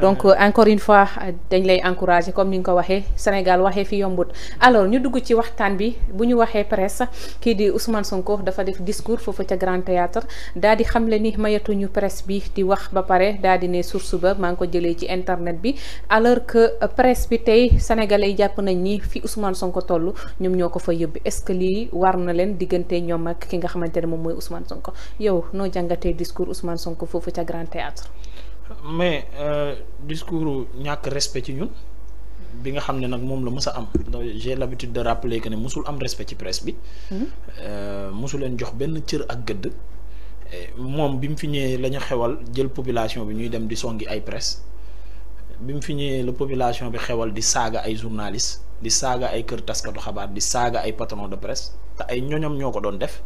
donc euh, encore une fois euh, dañ lay encourager comme ni nga ko waxee Sénégal waxee fi yombut alors ñu dugg ci waxtaan bi bu ñu waxee presse kii di Ousmane Sonko dafa def discours foofu ca Grand Théâtre daal di xamle ni mayatuñu presse bi di wax ba pare daal di ne source ba maa ngi ko jëlee ci internet bi alors que euh, presse bi tey sénégalais yi jàpp nañ ni fi Ousmane Sonko toll ñoom ñoo ko fa yóbbu est-ce que lii war na leen diggante ñoom ak ki nga xamante ne moom mooy Ousmane Sonko yow noo jàngatee discours Ousmane Sonko foofu ca Grand Théâtre mais euh, discours ñàkk respect ci ñun bi nga xam ne nag moom la mës a am j'ai l'habitude de rappeler que ne mosul am respect ci presse bi mosu mhm. euh, leen jox benn cër ak gëdd moom bi mu fi ñëwee lañu xewal jël population bi ñuy dem di songi ay presse bi mu fi ñëwee la population bi xewal di saaga ay journalistes di saaga ay kër taskatu xabaar di saaga ay patron de presse te ay ñoñam ñoo ko doon def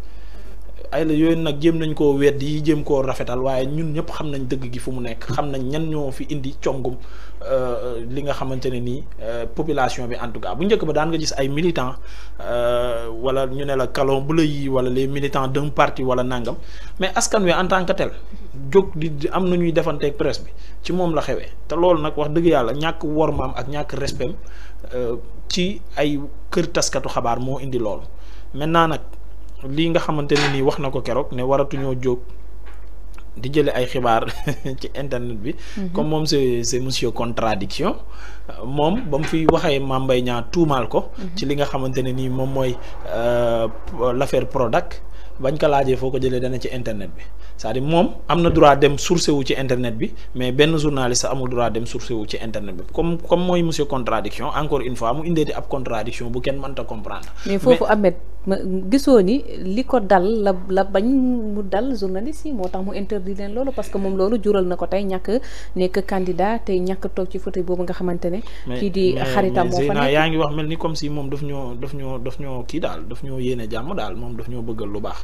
ay la yooyu nag jéem nañ koo weddi yi jéem koo rafetal waaye ñun ñëpp xam nañ dëgg gi fu mu nekk xam nañ ñan ñoo fi indi congum euh, li nga xamante ne nii euh, population bi en tout cas bu njëkk ba daan nga gis ay militants euh, wala ñu ne la kalon bu la yi wala les militants d'un parti wala nangam mais askan wi en tant que tel jóg di am na ñuy defanteeg presse bi ci moom la xewee te loolu nag wax dëgg yàlla ñàkk wormaam ak ñàkk respect ci ay kër taskatu xabaar moo indi lool lii nga xamante ne nii wax na ko keroog ne waratuñoo jóg di jële ay xibaar ci internet bi mhm. comme moom c'est c'est monsieur contradiction moom ba mu fi waxee Mame Mbaye Niang tuumaal ko mhm. ci li nga xamante ne nii moom mooy euh, l'affaire Prodac bañ laajee foo ko jëlee ci internet bi cest à moom am na droit dem sourcé wu ci internet bi mais benn journaliste amul droit dem sourcé wu ci internet mooy monsieur contradiction encore une fois mu indeeti ab contradiction bu kenn mënta comprendre mais foofu Ahmed gisoo ni li ko dal la la bañ mu dal journaliste yi moo tax mu interdit leen loolu parce que moom loolu jural na ko tey ñàkk nekk candidat te ñàkk toog ci fauteuil boobu nga xamante ne kii di xaritam moo fa nekk yaa ngi wax mel ni comme si moom daf ñoo daf ñoo daf ñoo kii daal daf ñoo yéene jàmm daal moom daf ñoo bëggal lu baax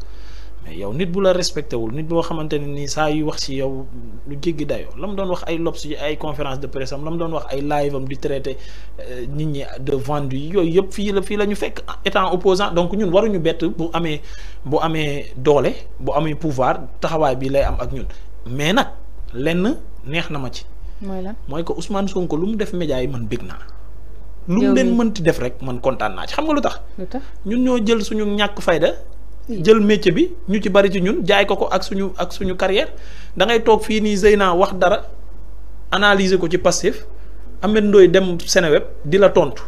yow nit bu la respecté wul nit boo xamante ne nii saa yu wax ci yow lu jéggi dayoo la mu doon wax ay lobs ay conférence de presse am la mu doon wax ay live am di traité euh, nit ñi de vendu yi yooyu yëpp fii la fii la ñu fekk étant opposant donc ñun waruñu bett bu amee bu amee doole bu amee pouvoir taxawaay bi lay am ak ñun mais nag lenn neex na ma ci. mooy lan mooy que Ousmane Sonko lu mu def média yi man bég naa. lu mu leen mënti def rek man kontaan naa ci xam nga lu tax ñun ñoo jël suñu ñàkk fayda. jël métier bi ñu ci bari ci ñun jaay ko ko ak suñu ak suñu carrière da ngay toog fii nii naa wax dara analyser ko ci passif Ameth Ndoye dem Seneweb di la tontu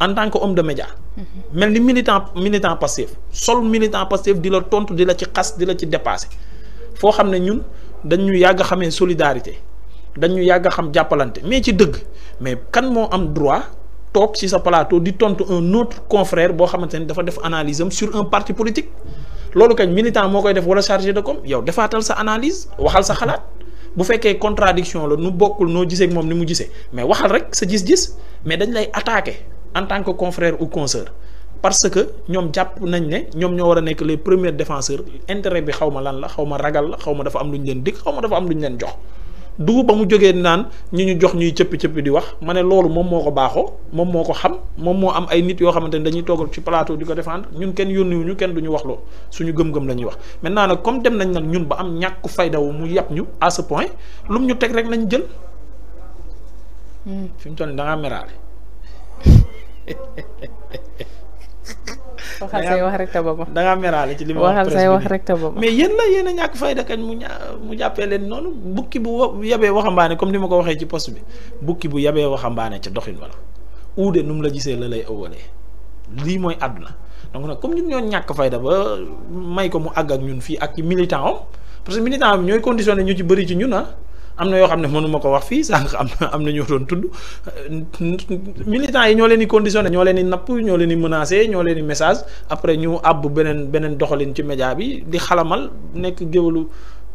en tant que homme de média mhm. mel ni militant militant passif sol militant passif di la tontu di la ci xas di la ci dépassé foo xam ne ñun dañ ñu yàgg xamee solidarité dañ ñu yàgg xam jàppalante mais ci dëgg mais kan moo am droit. toog ci sa plateau di tontu un autre confrère boo xamante ne dafa def analyse sur un parti politique Lorsque kañ militant moo koy def wala chargé de com yow defaatal sa analyse waxal sa Vous bu que contradiction le nu bokkul noo gisee ak moom ni mu mais waxal rek sa gis-gis mais dañ lay attaquer en tant que confrère ou consoeur parce que nous sommes nañ ne ñoom ñoo war a les premiers défenseurs intérêt bi xaw ma lan la xaw ma ragal la xaw ma dafa am lu ñu dafa am jox. dugub ba mu jógee naan ñu ñu jox ñuy cëpp cëppi di wax ma ne loolu moom moo ko baaxoo moom moo ko xam moom moo am ay nit yoo xamante ni dañuy toogal ci plateau di ko défendre ñun kenn yónniwuñu kenn du ñu wax loo suñu gëm-gëm la ñuy wax maintenant nag comme dem nañ nag ñun ba am ñàkk fayda mu yàpp ñu à ce point lum ñu teg rek nañ jël hmm. fi mu toll nii da ngaa waxal say wax rek te ba ma da ci li ma waxal mais yéen la yéen a ñàkk fayda kañ mu ñaa mu jàppee leen noonu bukki bu yabee waxambaane comme ni ma ko waxee ci post bi bukki bu yabee waxambaane ca doxin wala uude nu mu la gisee la lay ëwalee lii mooy àdduna donc nag comme ñun ñoo ñàkk fayda ba may ko mu àgg ak ñun fii ak militant am parce que militant am ñooy conditionné ñu ci bëri ci ñun ah amna yo yoo xam ne mënuma ko wax fi sànq amna na am na ñoo doon tudd euh, militants yi ñoo leen di conditionné ñoo leen di napp ñoo leen di menacé ñoo leen di message après ñu ab benen benen doxalin ci média bi di xalamal nek géwalu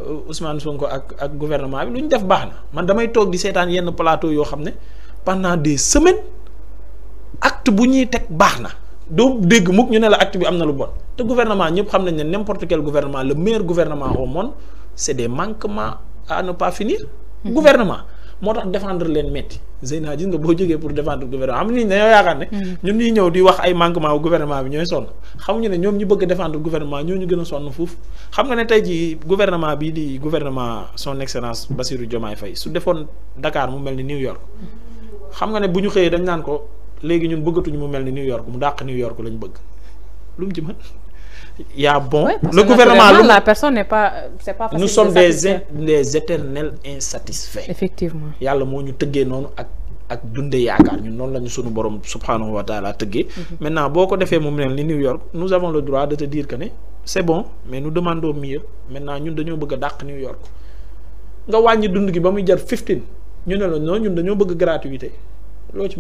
euh, Ousmane Sonko ak ak gouvernement bi luñ def baxna man damay tok di seetaan yenn plateau yo xam pendant des semaines acte bu ñuy tek baxna do dégg mukk ñu ne la acte bi amna lu bon te gouvernement ñëpp xam nañ ne n'importe quel gouvernement le meilleur gouvernement au monde c'est des manquements à ne pas finir. gouvernement moo tax défendre leen metti Zeyna gis nga boo jógee pour défendre gouvernement am ni dañoo yaakaar ne. Mm. ñun ñuy ñëw di wax ay manquement gouvernement bi ñooy sonn xamuñu ne ñoom ñu bëgg défendre gouvernement ñoo ñu gën a sonn xam nga ne tey jii gouvernement bii di gouvernement son excellence Bassirou Diomaye fay su defoon ndakaar mu mel ni New York xam nga ne bu ñu xëyee dañ naan ko léegi ñun bëggatuñu mu mel ni New York mu dàq New York lañ bëgg lu ci mën. il y a bon. le gouvernement. La personne n'est pas. Euh, pas nous sommes des, des éternels insatisfaits. Effectivement. il moo le monde noonu ak ak dundé yakar ñun nous lañu suñu borom subhanahu wa taala tëggee. Mhm. maintenant boko défé defee né New York nous avons le droit de te dire que c'est bon mais nous demandons mieux maintenant ñun dañu bëgg a New York nga wàññi dund gi ba muy jar 15 ñu ne la non ñun dañu bëgg gratuité lo ci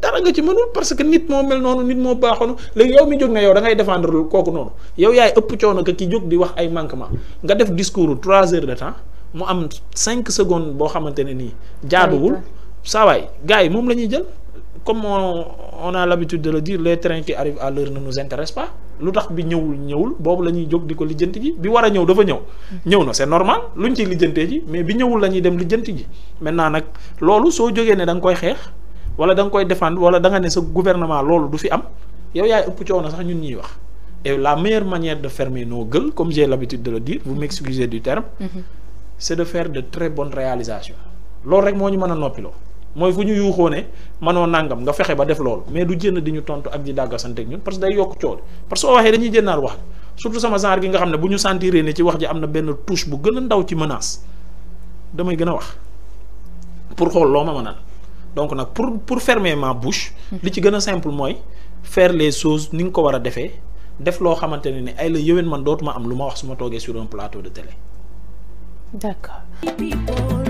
dara nga ci mënul parce que nit moo mel noonu nit moo baaxoonu léegi yow mi jóg nga yow da ngay défendre kooku noonu yow yaay ëpp coono ka ki jóg di wax ay manquement nga def discours trois heures de temps mu am cinq secondes boo xamante ne nii jaaduwul ça waay gars yi moom la ñuy jël comme on, on a l' habitude de le dire les trains qui arrivent à l' heure ne nous intéresse pas lu tax bi ñëwul ñëwul boobu la ñuy jóg di ko lijjanti ji bi war a ñëw dafa ñëw mm-hmm. ñëw na c' est normal luñ ci lijjantee ji mais bi ñëwul la ñuy dem lijjanti ji maintenant nag loolu soo jógee ne da nga koy xeex wala dang koy défendre wala da nga né sa gouvernement loolu du fi am yow yaay ëpp coono sax ñun ñi wax et la meilleure manière de fermer nos gueules comme j'ai l'habitude de le dire vous m'excusez du terme mm-hmm. c'est de faire de très bonnes réalisations loolu rek moo ñu mën a noppiloo mooy fu ñu yuuxoo ne mënoo nangam nga fexé ba def loolu mais du jënd di ñu tontu ak di dàggasante ak ñun parce que day yokk parce que soo dañuy jënal wax surtout sama genre gi nga xamné ne bu ñu sentiree ne ci wax ji amna na benn touche bu gëna ndaw ci menace damay gëna wax pour xol loma ma donc a pour pour fermer ma bouche. Mhm. li ci gën simple moi. faire les choses ni nga ko war a def lo xamante ne ni ay la yewen man dootuma am luma wax suma ma sur un plateau de télé. d'accord.